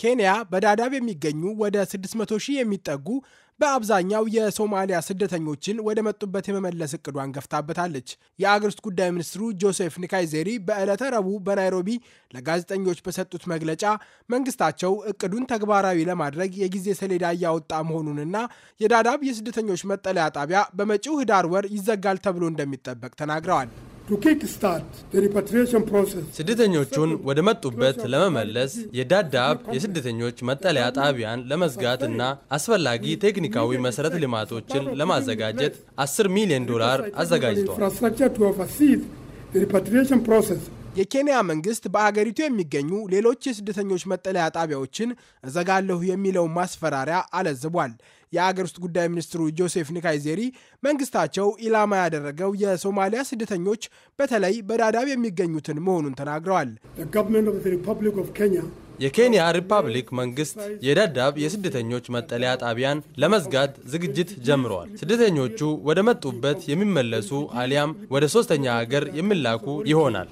ኬንያ በዳዳብ የሚገኙ ወደ 600 ሺህ የሚጠጉ በአብዛኛው የሶማሊያ ስደተኞችን ወደ መጡበት የመመለስ እቅዷን ገፍታበታለች። የአገር ውስጥ ጉዳይ ሚኒስትሩ ጆሴፍ ኒካይዜሪ በዕለተ ረቡዕ በናይሮቢ ለጋዜጠኞች በሰጡት መግለጫ መንግስታቸው እቅዱን ተግባራዊ ለማድረግ የጊዜ ሰሌዳ እያወጣ መሆኑንና የዳዳብ የስደተኞች መጠለያ ጣቢያ በመጪው ህዳር ወር ይዘጋል ተብሎ እንደሚጠበቅ ተናግረዋል። ስደተኞቹን ወደ መጡበት ለመመለስ የዳዳብ የስደተኞች መጠለያ ጣቢያን ለመዝጋት እና አስፈላጊ ቴክኒካዊ መሰረት ልማቶችን ለማዘጋጀት 10 ሚሊዮን ዶላር አዘጋጅቷል። የኬንያ መንግስት በአገሪቱ የሚገኙ ሌሎች የስደተኞች መጠለያ ጣቢያዎችን እዘጋለሁ የሚለውን ማስፈራሪያ አለዝቧል። የአገር ውስጥ ጉዳይ ሚኒስትሩ ጆሴፍ ኒካይዜሪ መንግስታቸው ኢላማ ያደረገው የሶማሊያ ስደተኞች በተለይ በዳዳብ የሚገኙትን መሆኑን ተናግረዋል። የኬንያ ሪፐብሊክ መንግስት የዳዳብ የስደተኞች መጠለያ ጣቢያን ለመዝጋት ዝግጅት ጀምረዋል። ስደተኞቹ ወደ መጡበት የሚመለሱ አሊያም ወደ ሶስተኛ ሀገር የሚላኩ ይሆናል።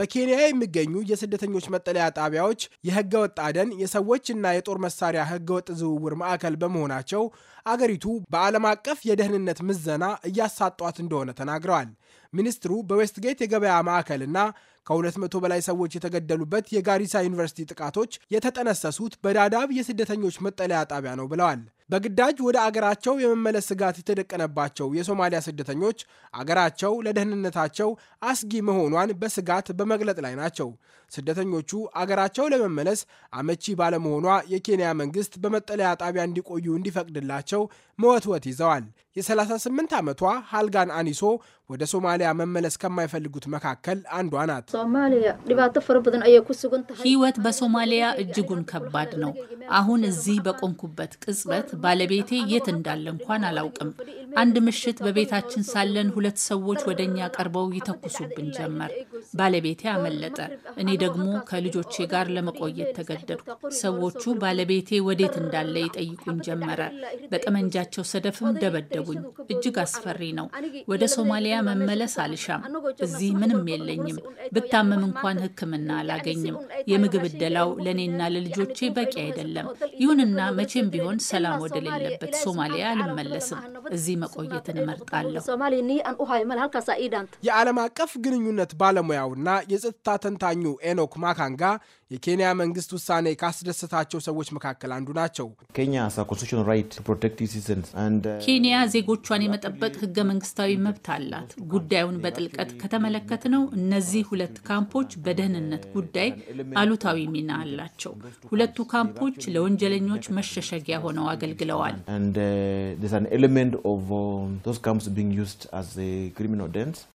በኬንያ የሚገኙ የስደተኞች መጠለያ ጣቢያዎች የህገ ወጥ አደን፣ የሰዎችና የጦር መሳሪያ ህገወጥ ዝውውር ማዕከል በመሆናቸው አገሪቱ በዓለም አቀፍ የደህንነት ምዘና እያሳጧት እንደሆነ ተናግረዋል። ሚኒስትሩ በዌስትጌት የገበያ ማዕከልና ከ200 በላይ ሰዎች የተገደሉበት የጋሪሳ ዩኒቨርሲቲ ጥቃቶች የተጠነሰሱት በዳዳብ የስደተኞች መጠለያ ጣቢያ ነው ብለዋል። በግዳጅ ወደ አገራቸው የመመለስ ስጋት የተደቀነባቸው የሶማሊያ ስደተኞች አገራቸው ለደህንነታቸው አስጊ መሆኗን በስጋት በመግለጥ ላይ ናቸው። ስደተኞቹ አገራቸው ለመመለስ አመቺ ባለመሆኗ የኬንያ መንግስት በመጠለያ ጣቢያ እንዲቆዩ እንዲፈቅድላቸው መወትወት ይዘዋል። የ38 ዓመቷ ሃልጋን አኒሶ ወደ ሶማሊያ መመለስ ከማይፈልጉት መካከል አንዷ ናት። ህይወት በሶማሊያ እጅጉን ከባድ ነው። አሁን እዚህ በቆንኩበት ቅጽበት ባለቤቴ የት እንዳለ እንኳን አላውቅም። አንድ ምሽት በቤታችን ሳለን ሁለት ሰዎች ወደ እኛ ቀርበው ይተኩሱብን ጀመር። ባለቤቴ አመለጠ። እኔ ደግሞ ከልጆቼ ጋር ለመቆየት ተገደድኩ። ሰዎቹ ባለቤቴ ወዴት እንዳለ ይጠይቁኝ ጀመረ። በጠመንጃቸው ሰደፍም ደበደቡኝ። እጅግ አስፈሪ ነው። ወደ ሶማሊያ ሶሪያ መመለስ አልሻም። እዚህ ምንም የለኝም። ብታመም እንኳን ሕክምና አላገኝም። የምግብ እደላው ለእኔና ለልጆቼ በቂ አይደለም። ይሁንና መቼም ቢሆን ሰላም ወደሌለበት ሶማሊያ አልመለስም። እዚህ መቆየትን እመርጣለሁ። የዓለም አቀፍ ግንኙነት ባለሙያውና የጸጥታ ተንታኙ ኤኖክ ማካንጋ የኬንያ መንግስት ውሳኔ ካስደሰታቸው ሰዎች መካከል አንዱ ናቸው። uh, ኬንያ ዜጎቿን የመጠበቅ ህገ መንግስታዊ መብት አላት። ወራት ጉዳዩን በጥልቀት ከተመለከት ነው እነዚህ ሁለት ካምፖች በደህንነት ጉዳይ አሉታዊ ሚና አላቸው። ሁለቱ ካምፖች ለወንጀለኞች መሸሸጊያ ሆነው አገልግለዋል። uh,